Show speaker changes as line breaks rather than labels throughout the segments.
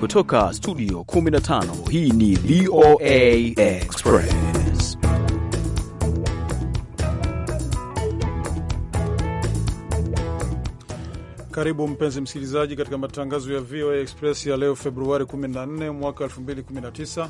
Kutoka studio 15 hii ni VOA Express.
Karibu mpenzi msikilizaji, katika matangazo ya VOA Express ya leo Februari 14 mwaka 2019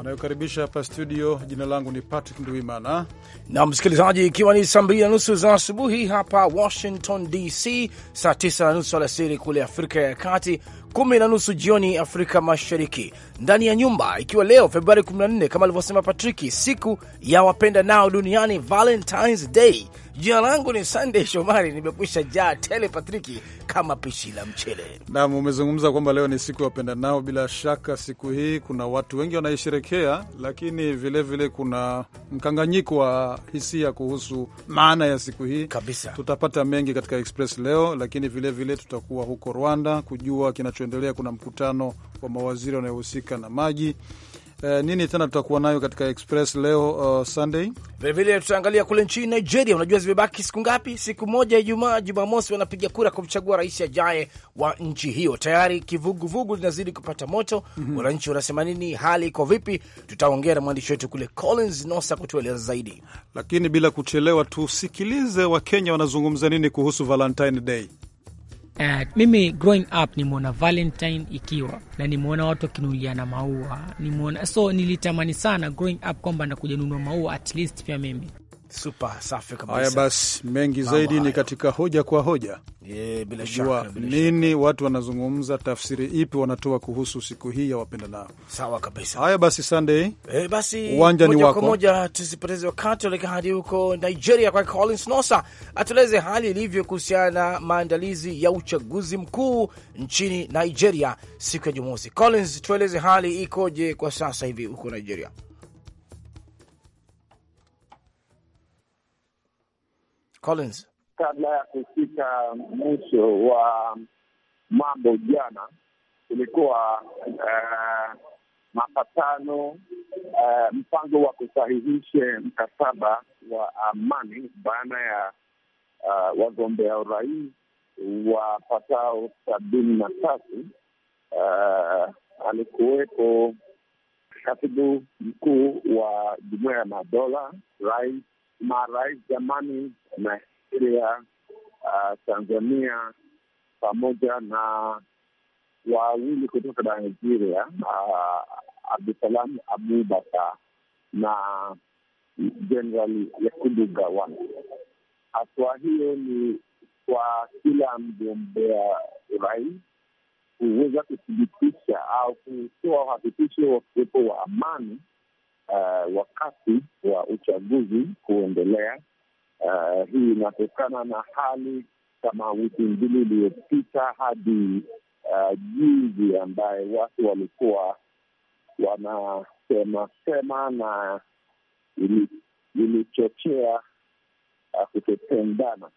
anayokaribisha hapa studio. Jina langu ni Patrick Nduimana
na msikilizaji, ikiwa ni saa mbili na nusu za asubuhi hapa Washington DC, saa tisa na nusu alasiri kule Afrika ya Kati kumi na nusu jioni Afrika Mashariki, ndani ya nyumba, ikiwa leo Februari 14 kama alivyosema Patriki, siku ya wapenda nao duniani, Valentines Day. Jina langu ni sandey Shomari, nimekwisha jaa tele Patriki kama pishi la mchele.
Naam, umezungumza kwamba leo ni siku ya wapenda nao. Bila shaka siku hii kuna watu wengi wanaisherekea, lakini vilevile vile kuna mkanganyiko wa hisia kuhusu maana ya siku hii kabisa. Tutapata mengi katika Express leo, lakini vilevile vile tutakuwa huko Rwanda kujua kinacho kinachoendelea. Kuna mkutano wa mawaziri wanayohusika na maji. Uh, nini tena tutakuwa nayo katika Express leo uh, Sunday. Vilevile tutaangalia kule nchini Nigeria. Unajua
zimebaki siku ngapi? Siku moja, Ijumaa Jumamosi wanapiga kura kumchagua rais ajaye wa nchi hiyo. Tayari kivuguvugu linazidi kupata moto. Mhm. wananchi mm -hmm. wanasema nini? Hali iko vipi?
Tutaongea na mwandishi wetu kule Collins Nosa kutueleza zaidi, lakini bila kuchelewa tusikilize Wakenya wanazungumza nini kuhusu Valentine Day.
Uh, mimi growing up nimeona Valentine ikiwa na nimeona watu wakinuliana maua, nimeona so nilitamani sana growing up kwamba nakuja nunua maua at least pia mimi Super, safi kabisa. Haya
basi, mengi zaidi ni katika hoja kwa hoja.
Yeah, bila shaka, bila
nini Watu wanazungumza tafsiri ipi wanatoa kuhusu siku hii ya wapendanao. Sawa kabisa. Haya basi, Sunday.
Eh, basi uwanja ni wako. Kwa moja tusipoteze wakati tuelekea hadi huko Nigeria kwa Collins Nosa atueleze hali ilivyo kuhusiana na maandalizi ya uchaguzi mkuu nchini Nigeria siku ya Jumamosi. Collins, tueleze hali ikoje kwa sasa hivi huko Nigeria? Collins,
kabla ya kufika mwisho wa mambo jana, kulikuwa uh, mapatano uh, mpango wa kusahihisha mkataba wa amani baina ya uh, wagombea urais wapatao sabini na tatu. Uh, alikuwepo katibu mkuu wa Jumuiya ya Madola, rais marais jamani wa Nigeria, uh, Tanzania pamoja na wawili kutoka Nigeria uh, Abdusalam Abubakar na Jenerali Yakubu Gawan. Hatua hiyo ni kwa kila mgombea urais kuweza kuthibitisha au kutoa uhakikisho wa kuwepo wa amani uh, wakati wa uchaguzi kuendelea. Uh, hii inatokana na hali kama wiki mbili iliyopita hadi uh, ambaye watu walikuwa wanasemasema na ilichochea uh, kutotendana.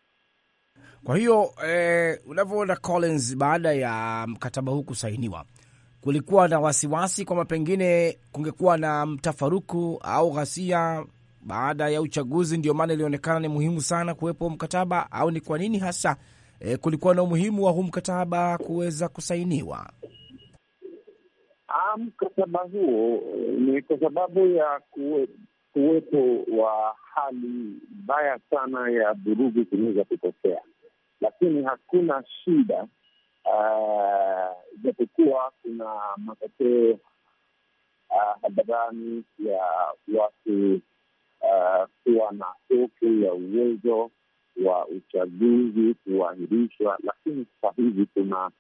Kwa hiyo eh, unavyoona Collins, baada ya mkataba huu kusainiwa kulikuwa na wasiwasi kwamba pengine kungekuwa na mtafaruku au ghasia baada ya uchaguzi, ndio maana ilionekana ni muhimu sana kuwepo mkataba, au ni kwa nini hasa e, kulikuwa na umuhimu wa huu mkataba kuweza kusainiwa?
Ah, mkataba huo eh, ni kwa sababu ya kuwe, kuwepo wa hali mbaya sana ya vurugu kunaweza kutokea, lakini hakuna shida ijapokuwa eh, uh, kuna matokeo eh, hadharani uh, ya watu eh, kuwa uh, na hofu ya uwezo wa uchaguzi kuahirishwa, lakini sasa hivi kuna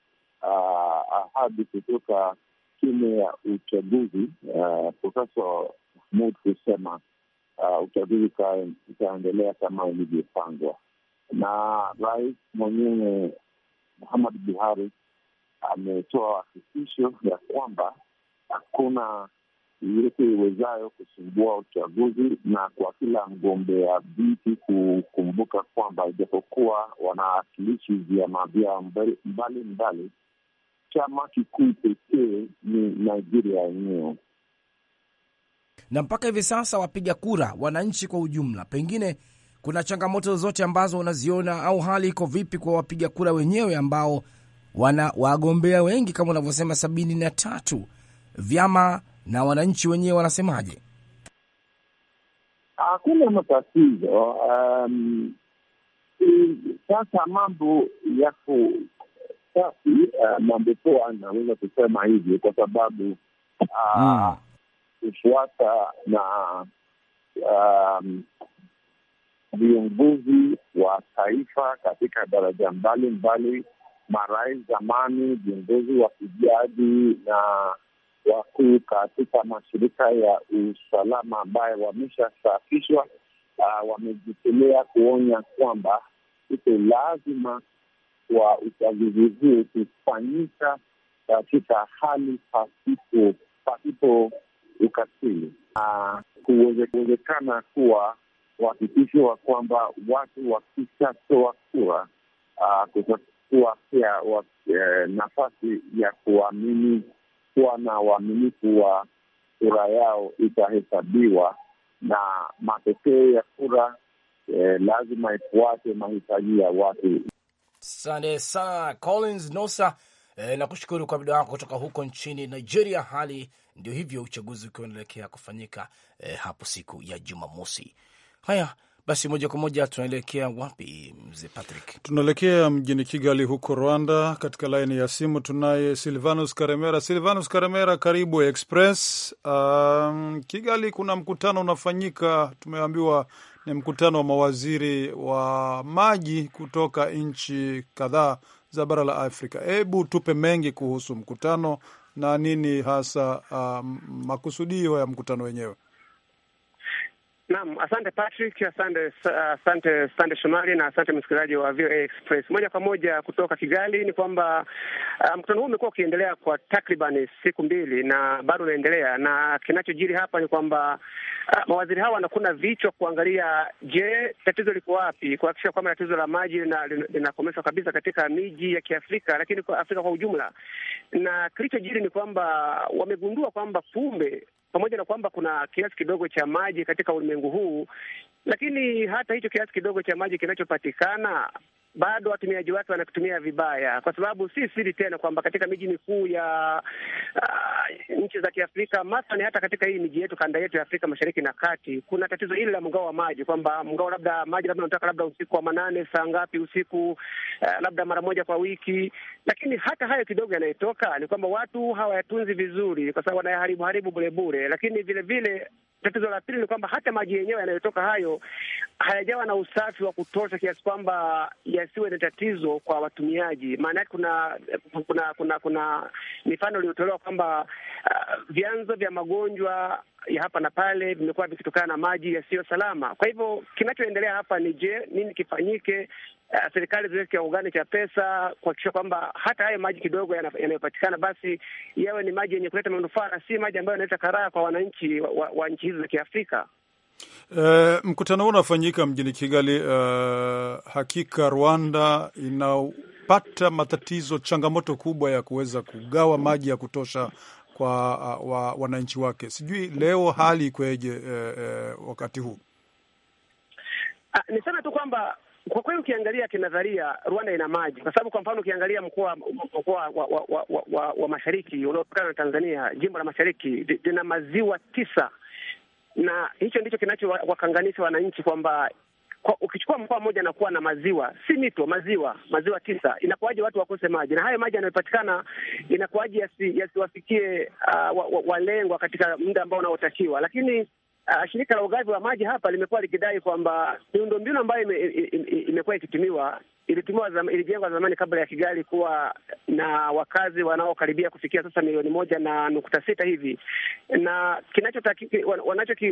uh, ahadi kutoka tume ya uchaguzi uh, Profesa Mahmud kusema uh, uchaguzi utaendelea kama ilivyopangwa na rais mwenyewe Muhammad Buhari ametoa hakikisho ya kwamba hakuna yote iwezayo kusumbua uchaguzi na kwa kila mgombea viti kukumbuka kwamba ijapokuwa wanawakilishi vyama vyao mbalimbali, chama kikuu pekee ni Nigeria yenyewe.
Na mpaka hivi sasa wapiga kura, wananchi kwa ujumla, pengine kuna changamoto zozote ambazo unaziona au hali iko vipi kwa wapiga kura wenyewe ambao wana wagombea wengi kama unavyosema sabini na tatu? Vyama na wananchi wenyewe wanasemaje?
Hakuna matatizo. Um, sasa mambo yako safi. Uh, mambo poa, naweza kusema hivyo kwa sababu
uh, hmm.
kufuata uh, mm. na um, viongozi wa taifa katika daraja mbalimbali, marais zamani, viongozi wa kijadi na wakuu katika mashirika ya usalama ambayo wameshasafishwa, uh, wamejitolea kuonya kwamba iko lazima kwa uchaguzi huu kufanyika katika hali pasipo pasipo ukatili, na kuwezekana kuwa uhakikisho wa kwamba watu wakishatoa kura ah, kuwakia eh, nafasi ya kuamini kuwa na uaminifu wa kura yao itahesabiwa, na matokeo ya kura eh, lazima ifuate mahitaji ya watu.
Asante sana Collins Nosa. E, eh, na kushukuru kwa muda wako kutoka huko nchini Nigeria. Hali ndio hivyo, uchaguzi ukiwa unaelekea kufanyika e, hapo siku ya Jumamosi. Haya basi, moja kwa moja tunaelekea wapi, mzee Patrick?
Tunaelekea mjini Kigali huko Rwanda. Katika laini ya simu tunaye Silvanus Karemera. Silvanus Karemera, karibu Express. Um, Kigali kuna mkutano unafanyika, tumeambiwa ni mkutano wa mawaziri wa maji kutoka nchi kadhaa za bara la Afrika. Hebu tupe mengi kuhusu mkutano na nini hasa um, makusudio ya mkutano wenyewe.
Naam, asante Patrick, asante asante sande Shomari na asante msikilizaji wa VOA Express. Moja kwa moja kutoka Kigali ni kwamba uh, mkutano huu umekuwa ukiendelea kwa takribani siku mbili na bado unaendelea, na kinachojiri hapa ni kwamba uh, mawaziri hawa wanakuna vichwa kuangalia, je, tatizo liko wapi, kuhakikisha kwamba tatizo la maji linakomeshwa kabisa katika miji ya Kiafrika, lakini kwa Afrika kwa ujumla. Na kilichojiri ni kwamba wamegundua kwamba kumbe pamoja na kwamba kuna kiasi kidogo cha maji katika ulimwengu huu, lakini hata hicho kiasi kidogo cha maji kinachopatikana bado watumiaji wake wanakutumia vibaya, kwa sababu si siri tena kwamba katika miji mikuu ya uh, nchi za Kiafrika mathalani, hata katika hii miji yetu, kanda yetu ya Afrika Mashariki na Kati, kuna tatizo hili la mgao wa maji, kwamba mgao labda maji labda unataka labda usiku wa manane saa ngapi usiku, uh, labda mara moja kwa wiki. Lakini hata hayo kidogo yanayotoka ni kwamba watu hawayatunzi vizuri, kwa sababu wanayaharibu haribu bure bure, lakini vile vile Tatizo la pili ni kwamba hata maji yenyewe yanayotoka hayo hayajawa na usafi wa kutosha kiasi kwamba yasiwe na tatizo kwa watumiaji. Maana yake kuna kuna kuna kuna mifano iliyotolewa kwamba uh, vyanzo vya magonjwa ya hapa na pale vimekuwa vikitokana na maji yasiyo salama. Kwa hivyo kinachoendelea hapa ni je, nini kifanyike uh, serikali ziweke kiwango cha pesa kuhakikisha kwamba hata hayo maji kidogo yanayopatikana basi yawe ni maji yenye kuleta manufaa na si maji ambayo yanaleta karaha kwa wananchi wa, wa, wa nchi hizi za Kiafrika.
Uh, mkutano huu unafanyika mjini Kigali. Uh, hakika Rwanda inapata matatizo, changamoto kubwa ya kuweza kugawa maji ya kutosha kwa uh, wa, wananchi wake. Sijui leo hali ikweje? Uh, uh, wakati huu
uh, niseme tu kwamba kwa kweli ukiangalia kinadharia, Rwanda ina maji, kwa sababu kwa mfano ukiangalia mkoa wa, wa, wa, wa, wa mashariki unaotokana na Tanzania, jimbo la mashariki lina maziwa tisa, na hicho ndicho kinachowakanganisha wananchi kwamba kwa, ukichukua mkoa mmoja na kuwa na maziwa si mito maziwa maziwa tisa, inakuwaje watu wakose maji? Na hayo maji yanayopatikana inakuwaje yasiwafikie yasi uh, walengwa wa, wa katika muda ambao unaotakiwa? Lakini Uh, shirika la ugavi wa maji hapa limekuwa likidai kwamba miundombinu ambayo imekuwa ikitumiwa ilitumiwa zam, ilijengwa zamani kabla ya Kigali kuwa na wakazi wanaokaribia kufikia sasa milioni moja na nukta sita hivi, na kinachotaki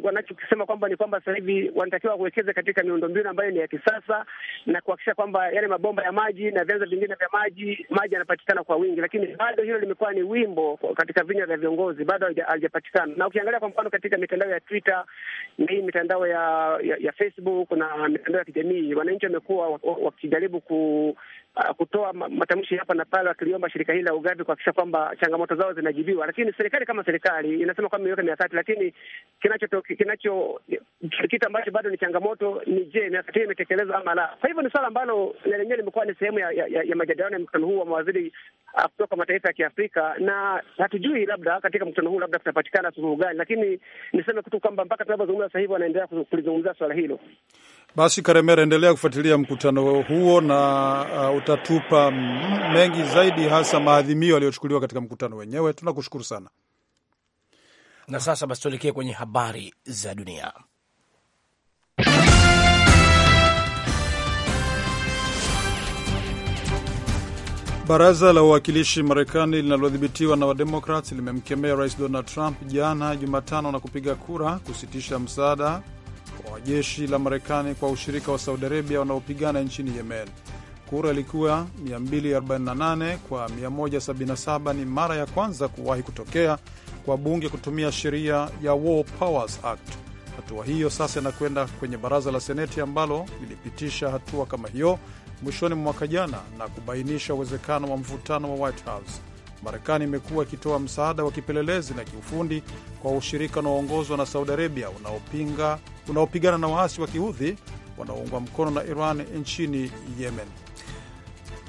wanachokisema kwamba ni kwamba sasa hivi wanatakiwa kuwekeza katika miundombinu ambayo ni ya kisasa na kuhakikisha kwamba yale mabomba ya maji na vyanzo vingine vya maji maji yanapatikana kwa wingi, lakini bado hilo limekuwa ni wimbo katika vinywa vya viongozi, bado halijapatikana. Na ukiangalia kwa mfano katika mitandao ya Twitter na hii mitandao ya, ya, ya Facebook na mitandao ya kijamii, wananchi wamekuwa wakijaribu ku Uh, kutoa matamshi hapa na pale, wakiliomba shirika hili la ugavi kuhakikisha kwamba changamoto zao zinajibiwa. Lakini serikali kama serikali inasema kwamba imeweka mikakati, lakini kinacho kinacho kitu ambacho bado ni changamoto ni je, mikakati hiyo imetekelezwa ama la? Kwa hivyo ni swala ambalo na lenyewe limekuwa ni sehemu ya, ya, ya majadiliano ya mkutano huu wa mawaziri uh, kutoka mataifa ya Kiafrika, na hatujui labda katika mkutano huu labda kutapatikana suluhu gani, lakini niseme tu kwamba mpaka tunavyozungumza sasa hivi wanaendelea kulizungumzia swala hilo.
Basi Karemera, endelea kufuatilia mkutano huo na uh, utatupa mengi zaidi, hasa maadhimio yaliyochukuliwa katika mkutano wenyewe. Tunakushukuru sana,
na sasa basi tuelekee kwenye habari za dunia.
Baraza la Wawakilishi Marekani linalodhibitiwa na Wademokrat limemkemea Rais Donald Trump jana Jumatano na kupiga kura kusitisha msaada wa jeshi la Marekani kwa ushirika wa Saudi Arabia wanaopigana nchini Yemen kura ilikuwa 248 kwa 177. Ni mara ya kwanza kuwahi kutokea kwa bunge kutumia sheria ya War Powers Act. Hatua hiyo sasa inakwenda kwenye baraza la Seneti ambalo lilipitisha hatua kama hiyo mwishoni mwa mwaka jana na kubainisha uwezekano wa mvutano wa White House. Marekani imekuwa ikitoa msaada wa kipelelezi na kiufundi kwa ushirika unaoongozwa na Saudi Arabia unaopinga unaopigana na waasi wa Kihudhi wanaoungwa mkono na Iran nchini Yemen.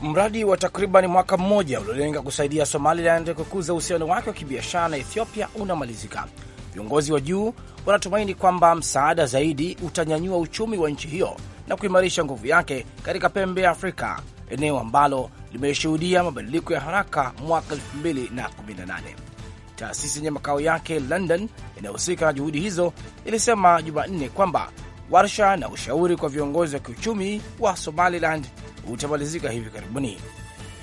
Mradi wa takriban mwaka mmoja uliolenga kusaidia
Somaliland kukuza uhusiano wake wa kibiashara na Ethiopia unamalizika. Viongozi wa juu wanatumaini kwamba msaada zaidi utanyanyua uchumi wa nchi hiyo na kuimarisha nguvu yake katika pembe ya Afrika, eneo ambalo limeshuhudia mabadiliko ya haraka mwaka 2018. Taasisi yenye makao yake London inayohusika na juhudi hizo ilisema Jumanne kwamba warsha na ushauri kwa viongozi wa kiuchumi wa Somaliland utamalizika hivi karibuni.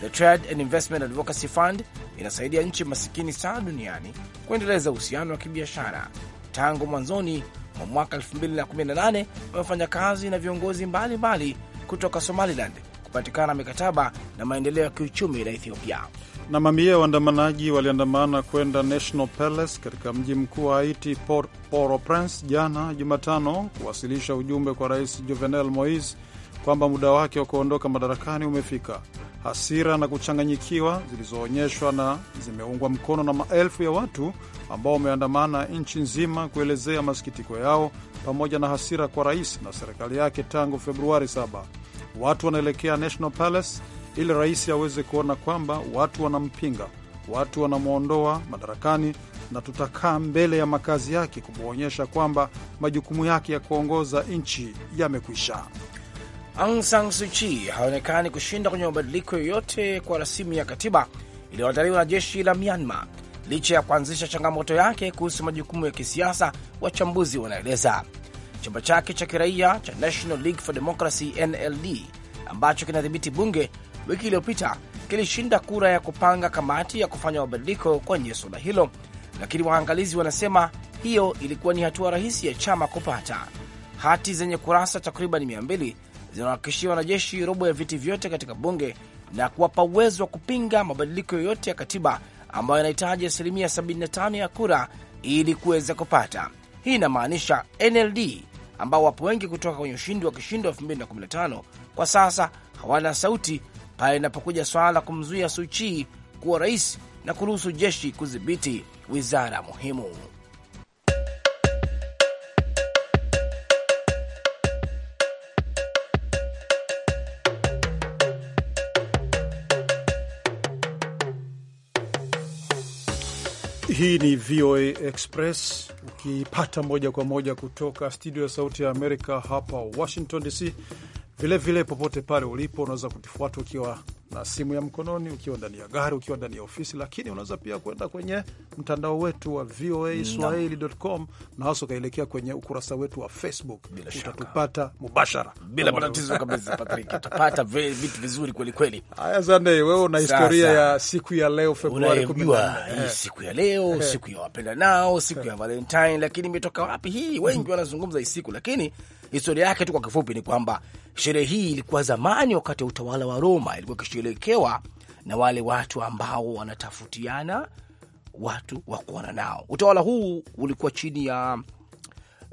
The Trade and Investment Advocacy Fund inasaidia nchi masikini sana duniani kuendeleza uhusiano wa kibiashara. Tangu mwanzoni mwa mwaka 2018 wamefanya kazi na viongozi mbalimbali kutoka Somaliland kupatikana mikataba na maendeleo ya kiuchumi na Ethiopia.
Na mamia ya waandamanaji waliandamana kwenda National Palace katika mji mkuu wa Haiti, Port au Prince, jana Jumatano, kuwasilisha ujumbe kwa Rais Jovenel Moise kwamba muda wake wa kuondoka madarakani umefika. Hasira na kuchanganyikiwa zilizoonyeshwa na zimeungwa mkono na maelfu ya watu ambao wameandamana nchi nzima kuelezea masikitiko yao pamoja na hasira kwa rais na serikali yake tangu Februari 7. Watu wanaelekea National Palace ili rais aweze kuona kwamba watu wanampinga, watu wanamwondoa madarakani, na tutakaa mbele ya makazi yake kumwonyesha kwamba majukumu yake ya kuongoza nchi yamekwisha. Aung
San Suu Kyi haonekani kushinda kwenye mabadiliko yoyote kwa rasimu ya katiba iliyoandaliwa na jeshi la Myanmar licha ya kuanzisha changamoto yake kuhusu majukumu ya kisiasa, wachambuzi wanaeleza. Chama chake cha kiraia cha National League for Democracy NLD ambacho kinadhibiti bunge wiki iliyopita kilishinda kura ya kupanga kamati ya kufanya mabadiliko kwenye suala hilo, lakini waangalizi wanasema hiyo ilikuwa ni hatua rahisi ya chama kupata. Hati zenye kurasa takriban mia mbili zinawahakikishia wanajeshi robo ya viti vyote katika bunge na kuwapa uwezo wa kupinga mabadiliko yoyote ya katiba ambayo yanahitaji asilimia 75 ya kura ili kuweza kupata. Hii inamaanisha NLD ambao wapo wengi kutoka kwenye ushindi wa kishindo 2015 kwa sasa hawana sauti pale inapokuja swala la kumzuia suchii kuwa rais na kuruhusu jeshi kudhibiti wizara muhimu.
Hii ni VOA Express ukipata moja kwa moja kutoka studio ya Sauti ya Amerika hapa Washington DC. Vilevile popote pale ulipo unaweza kutufuata ukiwa na simu ya mkononi, ukiwa ndani ya gari, ukiwa ndani ya ofisi, lakini unaweza pia kwenda kwenye mtandao wetu wa VOA swahili.com na hasa ukaelekea kwenye ukurasa wetu wa Facebook, utatupata mubashara bila matatizo kabisa. Patrick, utapata vitu vizuri kweli kweli. Haya, Sunday, wewe una historia ya siku ya leo Februari 14, siku
ya leo, eh. siku ya wapenda nao, siku ya Valentine, lakini imetoka wapi hii? Wengi wanazungumza hii siku, lakini Historia yake tu kwa kifupi ni kwamba sherehe hii ilikuwa zamani, wakati wa utawala wa Roma, ilikuwa ikisherekewa na wale watu ambao wanatafutiana watu wa kuona nao. Utawala huu ulikuwa chini ya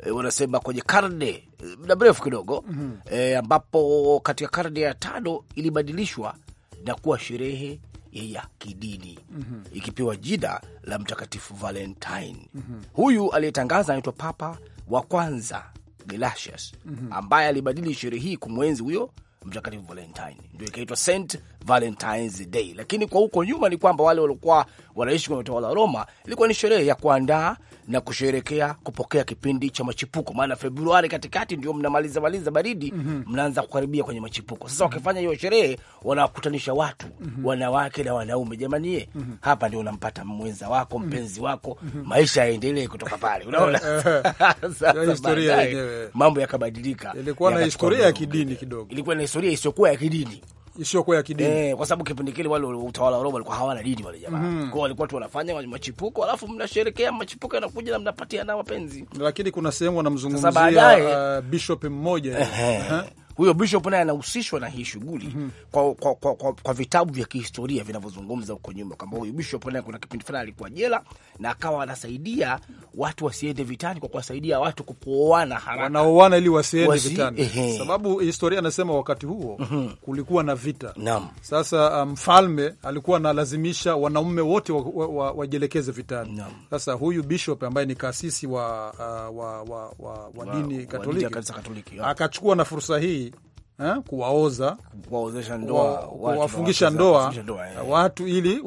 e, wanasema kwenye karne muda mrefu kidogo mm -hmm. E, ambapo katika karne ya tano ilibadilishwa na kuwa sherehe ya kidini mm -hmm. ikipewa jina la Mtakatifu Valentine mm -hmm. Huyu aliyetangaza anaitwa Papa wa kwanza Gelasius mm -hmm. ambaye alibadili sherehe hii kumwenzi huyo Mtakatifu Valentine, ndio ikaitwa St Valentines Day. Lakini kwa huko nyuma ni kwamba wale waliokuwa wanaishi kwenye utawala wa Roma ilikuwa ni sherehe ya kuandaa na kusherekea kupokea kipindi cha machipuko, maana Februari katikati ndio mnamaliza maliza baridi, mhm. mnaanza kukaribia kwenye machipuko. Sasa wakifanya hiyo sherehe, wanawakutanisha watu, mhm. wanawake na wanaume. jamanie eh, mhm. hapa ndio unampata mwenza wako, mpenzi wako, maisha yaendelee kutoka pale, unaona. Eh, eh. Sasa yaani mambo yakabadilika, ilikuwa na historia ya kidini kidogo, ilikuwa na historia isiyokuwa ya kidini isiyokuwa ya kidini eh, kwa sababu kipindi kile wale utawala wa Roma walikuwa hawana dini wale jamaa mm. Kwao walikuwa tu wanafanya machipuko, alafu mnasherekea machipuko, yanakuja na mnapatiana wapenzi,
lakini kuna sehemu wanamzungumzia uh, bishop mmoja huyo bishop naye
anahusishwa na hii shughuli mm -hmm. kwa, kwa, kwa, kwa, kwa vitabu vya kihistoria vinavyozungumza huko nyuma kwamba huyu bishop naye kuna kipindi fulani alikuwa jela na akawa anasaidia watu wasiende vitani kwa
kuwasaidia watu kupooana haraka, wanaoana ili wasiende Wasi, vitani ehe. sababu historia anasema wakati huo mm -hmm. kulikuwa na vita Naam. Sasa um, mfalme um, alikuwa analazimisha wanaume wote wajielekeze wa, wa, wa vitani Naam. Sasa huyu bishop ambaye ni kasisi wa, uh, wa, wa, wa, wa, wa dini Katoliki akachukua na fursa hii eh, kuwaoza kuwaozesha ndoa, kuwafungisha ndoa, ndoa eh. watu ili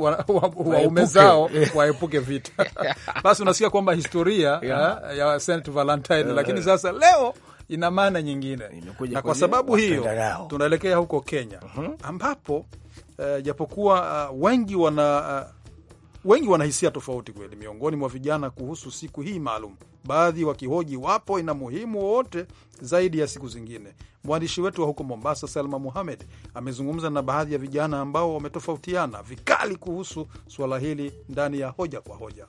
waume zao waepuke vita. Basi unasikia kwamba historia yeah, eh, ya Saint Valentine eh, lakini sasa leo ina maana nyingine na kwa sababu hiyo tunaelekea huko Kenya uh mhm. -huh, ambapo japokuwa uh, wengi wana uh, Wengi wana hisia tofauti kweli miongoni mwa vijana kuhusu siku hii maalum, baadhi wakihoji wapo ina muhimu wowote zaidi ya siku zingine. Mwandishi wetu wa huko Mombasa, Salma Muhamed, amezungumza na baadhi ya vijana ambao wametofautiana vikali kuhusu suala hili ndani ya Hoja kwa Hoja.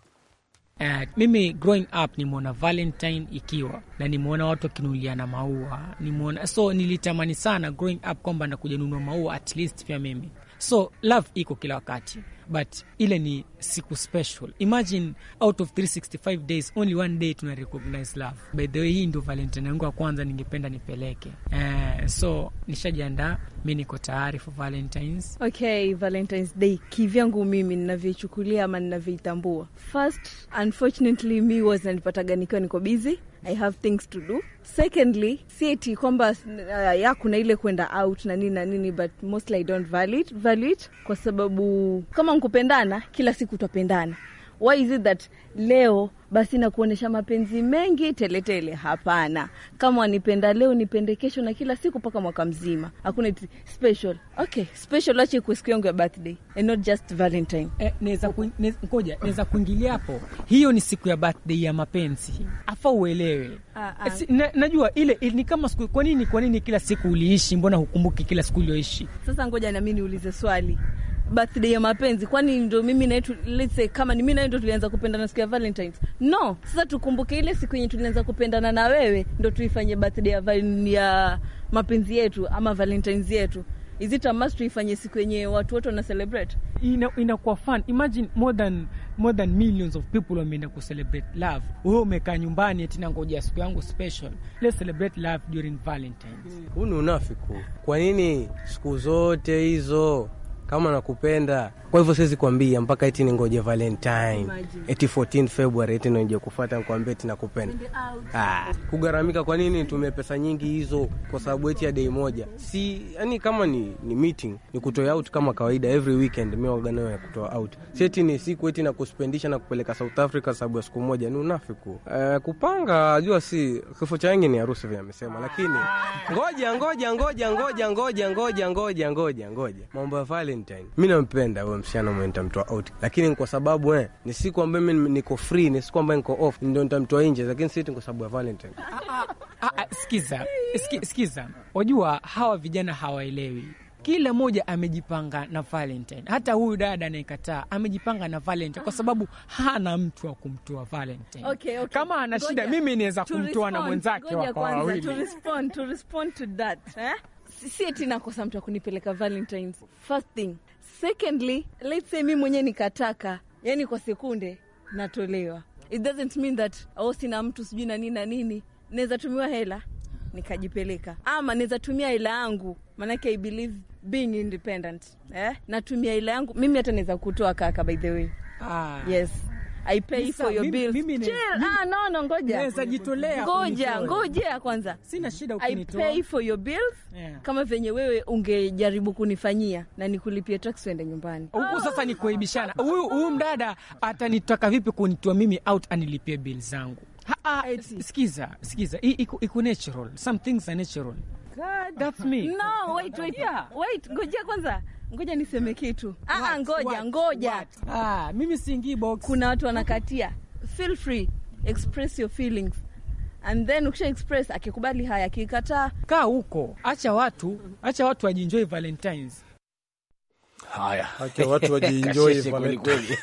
Uh, mimi growing up nimeona Valentine ikiwa na nimeona watu wakinuliana maua, nimeona so nilitamani sana growing up kwamba nakuja nunua maua at least pia mimi So love iko kila wakati, but ile ni siku special. Imagine out of 365 days only one day tuna recognize love. By the way, hii ndio valentine yangu ya kwanza, ningependa nipeleke uh, so nishajiandaa, mi niko tayari for valentines.
Okay, valentines day kivyangu mimi ninavyoichukulia ama ninavyoitambua, first unfortunately mi wasnipataga nikiwa niko busy I have things to do. Secondly, sieti kwamba uh, ya kuna ile kwenda out na nini na nini, but mostly I don't value it, value it kwa sababu kama nkupendana kila siku twapendana why is it that leo basi na kuonesha mapenzi mengi teletele? Hapana, kama wanipenda leo nipende kesho na kila siku mpaka mwaka mzima, hakuna special. Okay, special ache kwa siku yangu ya birthday and not just Valentine. Eh, naweza ngoja, naweza kuingilia hapo.
Hiyo ni siku ya birthday ya mapenzi, afa uelewe. Ah, ah. Eh, si, na, najua ile, ile ni kama siku. Kwa nini kwa nini kila siku uliishi, mbona hukumbuki kila siku ulioishi?
Sasa ngoja mimi niulize swali birthday ya mapenzi, kwani ndo mimi na let's say kama ni mimi na ndo tulianza kupendana siku ya Valentines? No, sasa tukumbuke ile siku yenye tulianza kupendana na wewe, ndo tuifanye birthday ya, ya mapenzi yetu ama Valentines yetu. Is it a must tuifanye siku yenye watu wote wana celebrate? Ina inakuwa fun.
Imagine more than more than millions of people wameenda ku celebrate love. Wewe umekaa nyumbani eti nangoja siku yangu special. Let's celebrate love during Valentines. Huu ni unafiki.
Kwa nini siku zote hizo kama nakupenda. Kwa hivyo siwezi kuambia mpaka eti ningoje Valentine eti 14 February eti nije kufuata nikwambie eti nakupenda. Ah, ah kugaramika kwa nini? Nitumie pesa nyingi hizo kwa sababu eti ya dei moja? Si yani kama ni, ni meeting ni kutoa out kama kawaida every weekend, mimi wagana ya kutoa out, si eti ni siku eti na kuspendisha na kupeleka South Africa sababu ya siku moja. Ni unafiku. Eh, kupanga jua si kifo cha wengi ni harusi vile amesema, lakini ngoja ngoja ngoja ngoja ngoja ngoja ngoja ngoja ngoja mambo ya Valentine Valentine. Mi nampenda huyo msichana mwenye nitamtoa out, lakini kwa sababu eh, ni siku ambayo mi niko free, ni siku ambayo niko off, ndio nitamtoa nje, lakini si kwa sababu
ya Valentine. Ah, ah, ah, sikiza, sikiza, wajua hawa vijana hawaelewi kila mmoja amejipanga na Valentine. Hata huyu dada anayekataa amejipanga na Valentine kwa sababu hana mtu wa kumtoa Valentine. Okay,
okay. Kama ana shida mimi niweza kumtoa na mwenzake wako wawili si eti nakosa mtu akunipeleka Valentines. First thing. Secondly, let's say mi mwenyewe nikataka, yani kwa sekunde natolewa, it doesn't mean that au oh, sina mtu sijui na nini na nini, naweza tumiwa hela nikajipeleka, ama naweza tumia hela yangu, maanake I believe being independent eh? Natumia hela yangu mimi, hata naweza kutoa kaka, by the way ah. Yes I pay Lisa, for your mimi, bills. Mimi ne, Chill. Ah, no no, ngoja jitolea. ngoja ngoja kwanza, sina shida ukinitoa. I pay for your bills yeah. Kama venye wewe ungejaribu kunifanyia na nikulipie tax uende nyumbani
Huko oh. Sasa ni kuibishana. Huyu huyu mdada atanitaka vipi kunitoa mimi out anilipie bills zangu? Ha, uh, sikiza sikiza, iko natural, some things are natural.
God, that's me. No, wait wait yeah. Wait, ngoja kwanza Ngoja niseme kitu. Ah, ngoja what, ngoja what? Ah, mimi siingii box. Kuna watu wanakatia, feel free express your feelings and then ukisha express, akikubali haya, akikataa kaa huko, acha watu acha watu wajinjoy Valentines
Haya, acha watu wajienjoy kweli.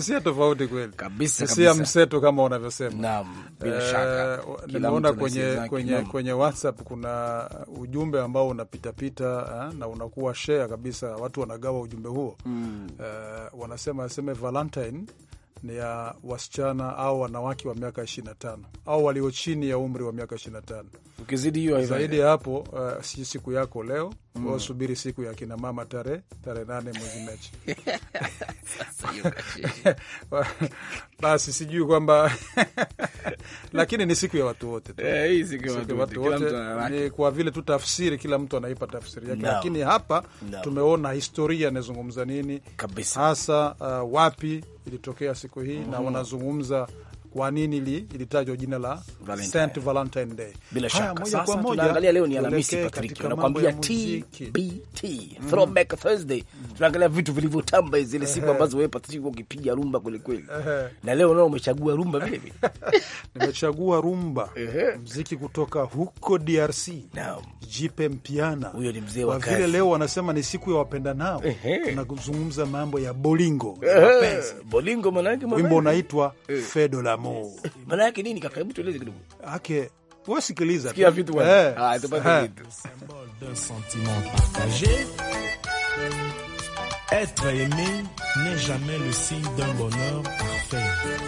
tofauti kweli kabisa, hisia mseto kama unavyosema. Naam,
bila eh, shaka nimeona kwenye kwenye
kwenye WhatsApp kuna ujumbe ambao unapitapita eh, na unakuwa share kabisa, watu wanagawa ujumbe huo mm. E, wanasema aseme Valentine ni ya wasichana au wanawake wa miaka ishirini na tano au walio chini ya umri wa miaka ishirini na tano. Ukizidi hiyo zaidi ya hapo, uh, si siku yako leo mm. Wasubiri siku ya kina mama tarehe tarehe nane mwezi Mechi. Basi sijui kwamba lakini ni siku ya watu wote tu. Eh, hii siku ya watu wote ni kwa vile tu tafsiri, kila mtu anaipa tafsiri yake no. Lakini hapa no. Tumeona historia inazungumza nini kabisa hasa uh, wapi ilitokea siku hii mm -hmm. na mm-hmm. wanazungumza kwa nini li ilitajwa jina la St Valentine Day? Bila haya, shaka moja kwa moja tunaangalia leo ni Alhamisi, Patrick
anakuambia TBT mm. Throwback Thursday. Mm. Tunaangalia vitu vilivyotamba zile siku ambazo wewe Patrick ukipiga rumba kweli kweli, na leo nao umechagua rumba vile vile.
Nimechagua rumba, mziki kutoka huko DRC. Naam, Jipe Mpiana, huyo ni mzee wa kazi. Vile leo wanasema ni siku ya wapenda nao, tunazungumza mambo ya bolingo, mapenzi bolingo, manake yake wimbo unaitwa eh. Fedola Adamu. Maana yake nini kaka? Hebu tueleze kidogo. Ake, wewe sikiliza. Sikia vitu wewe. Eh. Ah, tupate eh. vitu. Symbole d'un sentiment
partagé.
Être aimé
n'est jamais le signe d'un bonheur parfait.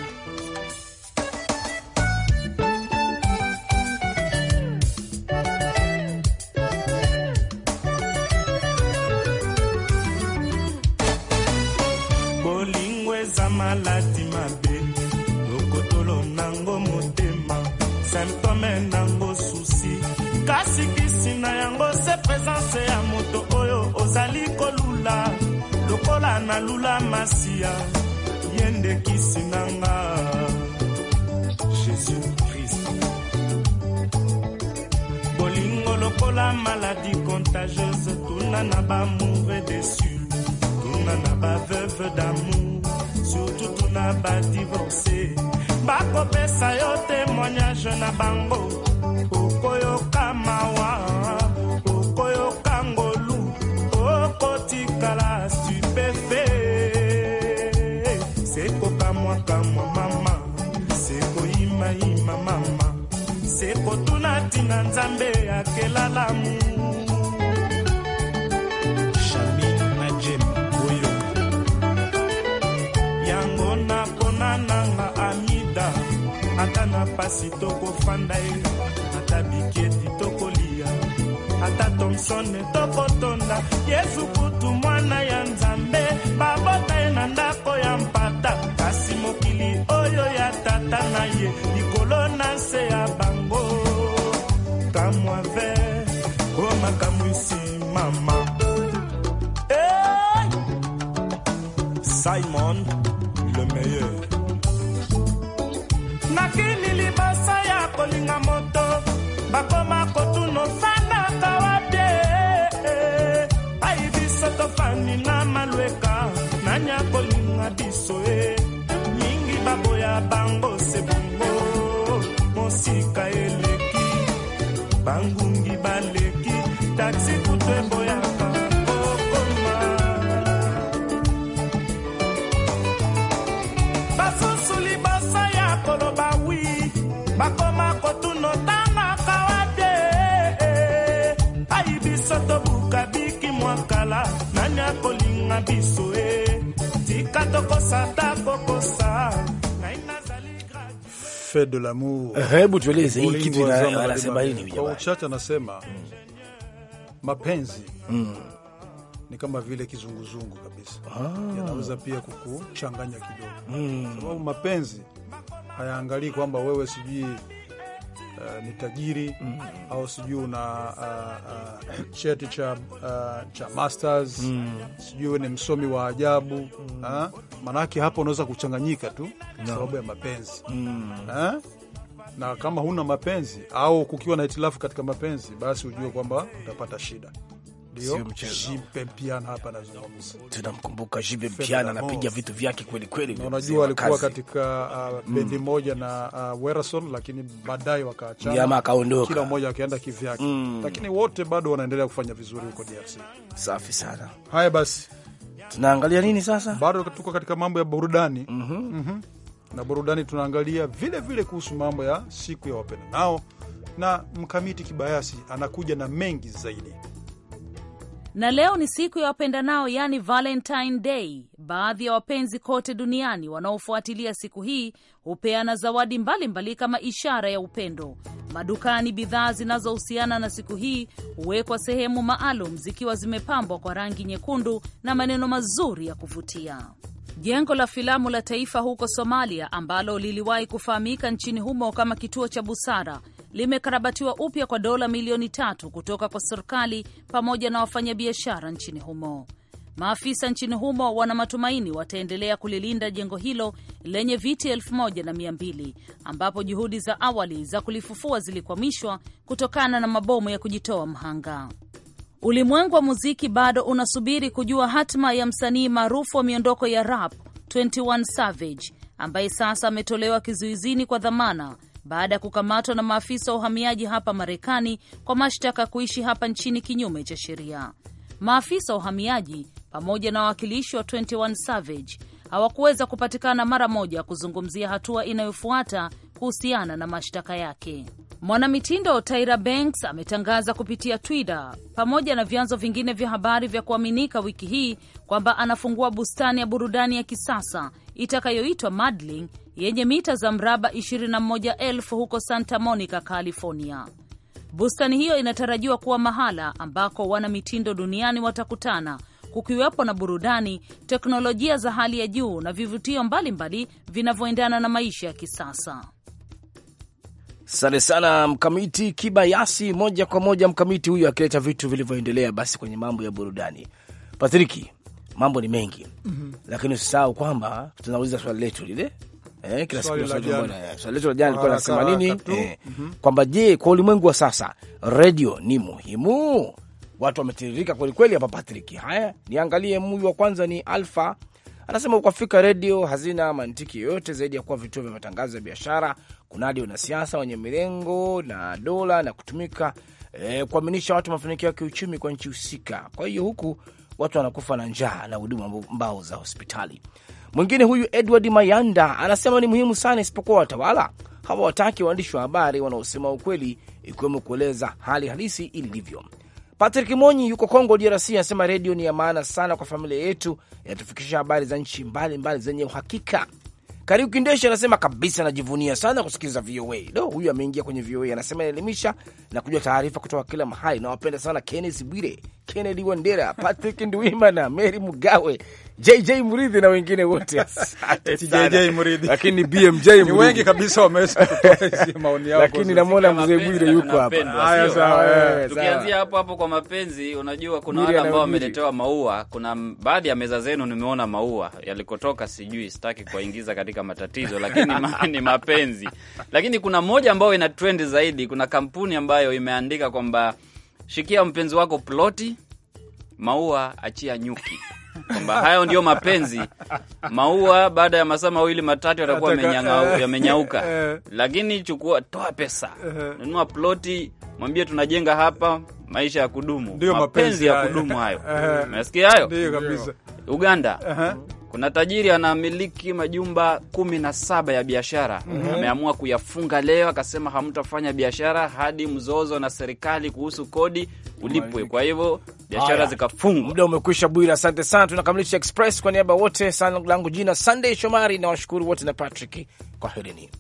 Bolingwe za malati mabe nango motema symptome nango susi kasi kisi na yango se présence ya moto oyo ozali kolula lokola nalula masiya ye nde kisi na nga jésus krist bolingo lokola maladi contagieuse tuna na bamoure desu tuna na baveuve d'amour surtout tuna badivorce bakopesa yo témoignage na bango okoyoka mawa okoyoka ngolu okotikala supefe sekokamwakamwa mama sekoyimayima mama sekotuna ntina nzambe akelalamu makasi tokofanda ye ata biketi tokolia ata thomson tokotonda yesu na biso e tika tokosa ta kokosa
de l'amour. Hebu tueleze hii kitu anasema nini? Kwa uchache anasema mapenzi mm. ni kama vile kizunguzungu kabisa ah. yanaweza pia kukuchanganya kidogo mm. sababu mapenzi hayaangalii kwamba wewe sijui Uh, ni tajiri mm -hmm. au sijui una uh, uh, cheti cha, uh, cha masters mm -hmm. sijui ni msomi wa ajabu mm -hmm. Uh, Maanake hapo unaweza kuchanganyika tu no. sababu ya mapenzi mm -hmm na kama huna mapenzi au kukiwa na hitilafu katika mapenzi, basi ujue kwamba utapata shida hapa tunamkumbuka Jipe Mpiana anapiga vitu vyake kweli kweli, unajua alikuwa katika uh, mm. bendi mm. moja na uh, Werason, lakini baadaye wakaachana, akaondoka kila mmoja akaenda kivyake mm. lakini wote bado wanaendelea kufanya vizuri huko DRC. Safi sana. Haya basi, tunaangalia nini sasa? Bado tuko katika mambo ya burudani mm -hmm. Mm -hmm. na burudani tunaangalia vile vile kuhusu mambo ya siku ya wapenda nao na mkamiti kibayasi anakuja na mengi zaidi.
Na leo ni siku ya wapendanao, yani Valentine Day. Baadhi ya wapenzi kote duniani wanaofuatilia siku hii hupeana zawadi mbalimbali kama ishara ya upendo. Madukani, bidhaa zinazohusiana na siku hii huwekwa sehemu maalum zikiwa zimepambwa kwa rangi nyekundu na maneno mazuri ya kuvutia. Jengo la filamu la taifa huko Somalia ambalo liliwahi kufahamika nchini humo kama kituo cha busara limekarabatiwa upya kwa dola milioni tatu kutoka kwa serikali pamoja na wafanyabiashara nchini humo. Maafisa nchini humo wana matumaini wataendelea kulilinda jengo hilo lenye viti elfu moja na mia mbili ambapo juhudi za awali za kulifufua zilikwamishwa kutokana na mabomu ya kujitoa mhanga. Ulimwengu wa muziki bado unasubiri kujua hatima ya msanii maarufu wa miondoko ya rap 21 Savage ambaye sasa ametolewa kizuizini kwa dhamana baada ya kukamatwa na maafisa wa uhamiaji hapa Marekani kwa mashtaka ya kuishi hapa nchini kinyume cha sheria. Maafisa wa uhamiaji pamoja na wawakilishi wa 21 Savage hawakuweza kupatikana mara moja kuzungumzia hatua inayofuata kuhusiana na mashtaka yake. Mwanamitindo Tyra Banks ametangaza kupitia Twitter pamoja na vyanzo vingine vya habari vya kuaminika wiki hii kwamba anafungua bustani ya burudani ya kisasa itakayoitwa Madling yenye mita za mraba 21,000 huko Santa Monica, California. Bustani hiyo inatarajiwa kuwa mahala ambako wanamitindo duniani watakutana kukiwepo na burudani, teknolojia za hali ya juu na vivutio mbalimbali vinavyoendana na maisha ya kisasa.
Asante sana Mkamiti Kibayasi. Moja kwa moja Mkamiti huyu akileta vitu vilivyoendelea basi kwenye mambo ya burudani. Patriki, mambo ni mengi mm -hmm. Lakini usisahau kwamba tunauliza swali letu lile eh, kila siku swali eh, letu la jana likuwa nasema nini eh, mm -hmm. kwamba je, kwa ulimwengu wa sasa redio ni muhimu? Watu wametiririka kwelikweli hapa Patriki. Haya, niangalie muyu wa kwanza ni Alfa anasema, huko Afrika redio hazina mantiki yoyote zaidi ya kuwa vituo vya matangazo ya biashara kunadi wanasiasa wenye mirengo na dola na kutumika e, kuaminisha watu mafanikio ya kiuchumi kwa nchi husika. Kwa hiyo huku watu wanakufa na njaa na huduma mbao za hospitali. Mwingine huyu Edward Mayanda anasema ni muhimu sana, isipokuwa watawala hawawataki waandishi wa habari wanaosema ukweli, ikiwemo kueleza hali halisi ilivyo. Patrick Monyi yuko Kongo DRC anasema redio ni ya maana sana kwa familia yetu, inatufikisha habari za nchi mbalimbali zenye uhakika. Kariuki Ndeshi anasema kabisa, najivunia sana kusikiliza VOA. Do, huyu ameingia kwenye VOA, anasema inaelimisha na kujua taarifa kutoka kila mahali. Nawapenda sana Kennes Bwire, Kennedy Wandera, Patrick Ndwimana, Mary Mugawe, JJ Mridhi na wengine
wote lakini BMJ wengi kabisa wameweza maoni yao, lakini namwona mzee yuko hapa. Haya, eh, eh, sawa, tukianzia
hapo hapo kwa mapenzi. Unajua, kuna wale ambao wameletewa maua. Kuna baadhi ya meza zenu nimeona maua yalikotoka, sijui, sitaki kuwaingiza katika matatizo, lakini ni mapenzi. Lakini kuna moja ambayo ina trend zaidi. Kuna kampuni ambayo imeandika kwamba shikia mpenzi wako ploti, maua, achia nyuki kwamba hayo ndio mapenzi. Maua baada ya masaa mawili matatu yatakuwa eh. yamenyauka, eh. lakini chukua, toa pesa, eh. nunua ploti, mwambie tunajenga hapa maisha ya kudumu, mapenzi ya kudumu hayo. Umesikia hayo? Ndio kabisa. Uganda kuna tajiri anamiliki majumba kumi na saba ya biashara mm -hmm. Ameamua kuyafunga leo, akasema hamtafanya biashara hadi mzozo na serikali kuhusu kodi ulipwe. Kwa hivyo biashara
zikafungwa. Muda umekwisha, Bwira. Asante sana, tunakamilisha Express. Kwa niaba wote, langu jina Sunday Shomari na washukuru wote na Patrick, kwaherini.